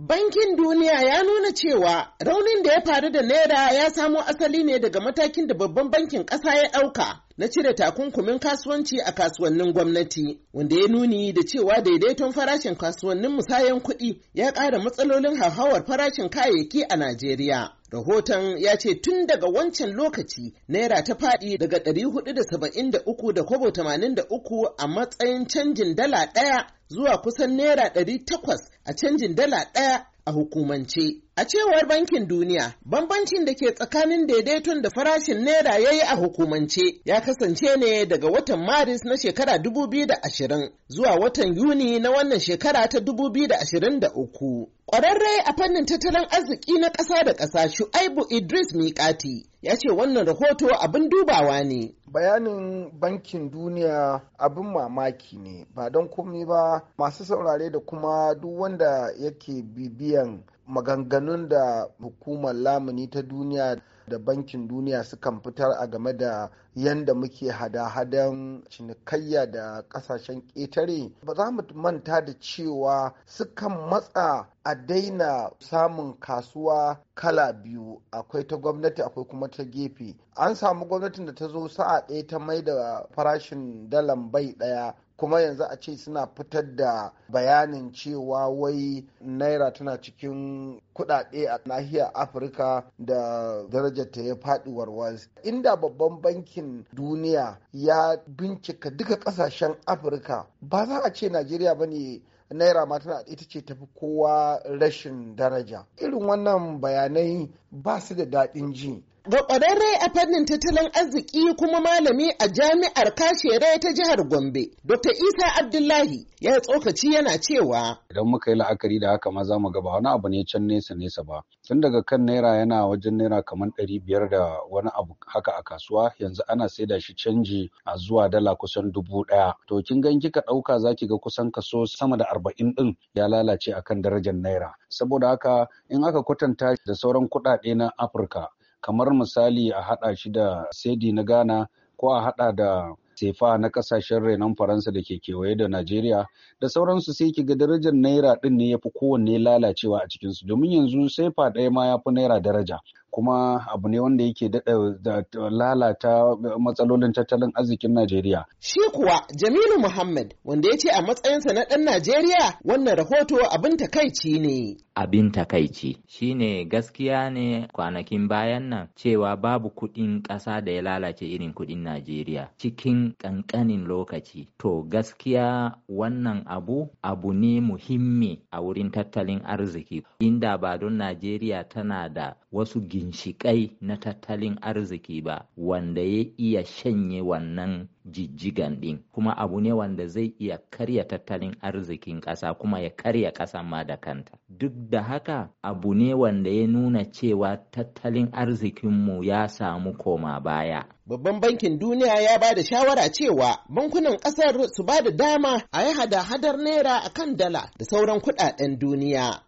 Bankin Duniya ya nuna cewa raunin da ya faru da Naira ya samo asali ne daga matakin da babban bankin ƙasa ya ɗauka na cire takunkumin kasuwanci a kasuwannin gwamnati, wanda ya nuni da cewa daidaiton farashin kasuwannin musayan kuɗi ya ƙara matsalolin hauhawar farashin kayayyaki a Najeriya. Rahoton ya ce tun daga wancan lokaci naira ta faɗi daga 473 da kwabo 83 a matsayin canjin dala ɗaya zuwa kusan naira 800 a canjin dala ɗaya a hukumance. A cewar Bankin Duniya, bambancin da ke tsakanin daidaiton da farashin Naira ya yi a hukumance ya kasance ne daga watan Maris na shekara 2020 zuwa watan Yuni na wannan shekara ta 2023. Ƙwararre a fannin tattalin arziki na ƙasa da ƙasa Shu'aibu Idris Mikati ya ce wannan rahoto abin dubawa ne. Bayanin bankin duniya abin mamaki ne ba don komi ba masu saurare da kuma duk wanda yake bibiyan maganganun da hukumar lamuni ta duniya da bankin duniya sukan fitar a game da yadda muke hada-hadan cinikayya da kasashen ƙetare ba za mu manta da cewa sukan matsa a daina samun kasuwa kala biyu akwai ta gwamnati akwai kuma ta gefe an samu gwamnatin da ta zo sa'a ɗaya ta mai da farashin dalan bai ɗaya kuma yanzu a ce suna fitar da bayanin cewa wai naira tana cikin kudade a nahiyar afirka da darajarta ya faɗi warwas inda babban bankin duniya ya bincika duka ƙasashen afirka ba za a ce najeriya ba ne naira ma tana ita ce tafi kowa rashin daraja irin wannan bayanai ba su da daɗin ji Ga ƙwararre a fannin tattalin arziki kuma malami a jami'ar kashere ta jihar Gombe, Dr. Isa Abdullahi ya tsokaci yana cewa. Idan muka yi la'akari da haka maza mu gaba wani abu ne can nesa nesa ba. Tun daga kan naira yana wajen naira kamar ɗari biyar da wani abu haka a kasuwa yanzu ana saida shi canji a zuwa dala kusan dubu ɗaya. To kin gan kika ɗauka zaki ga kusan kaso sama da arba'in ɗin ya lalace akan darajar naira. Saboda haka in aka kwatanta da sauran kuɗaɗe na Afirka kamar misali a haɗa shi da sedi na ghana ko a haɗa da sefa na kasashen renon faransa da ke kewaye da najeriya da sauransu sai ki ga darajar naira din ne ya fi kowanne lalacewa a cikinsu domin yanzu sefa ɗaya ma ya fi naira daraja kuma abu ne wanda yake lalata matsalolin tattalin arzikin Najeriya. Shi kuwa Jamilu Muhammad wanda ya ce a matsayinsa na ɗan Najeriya wannan rahoto abin takaici ne. Abin takaici shi ne gaskiya ne kwanakin bayan nan cewa babu kuɗin ƙasa da ya lalace irin kuɗin Najeriya cikin ƙanƙanin lokaci. To gaskiya wannan abu abu ne muhimmi a wurin tattalin arziki inda ba Najeriya tana da wasu ginshiƙai na tattalin arziki ba wanda ya iya shanye wannan jijjigan ɗin kuma abu ne wanda zai iya karya tattalin arzikin ƙasa kuma ya karya ƙasan ma da kanta duk da haka abu ne wanda ya nuna cewa tattalin arzikinmu ya samu koma baya Babban bankin duniya ya ba da shawara cewa bankunan ƙasar su ba da dama a yi hada-hadar naira a kan dala da sauran kuɗaɗen duniya.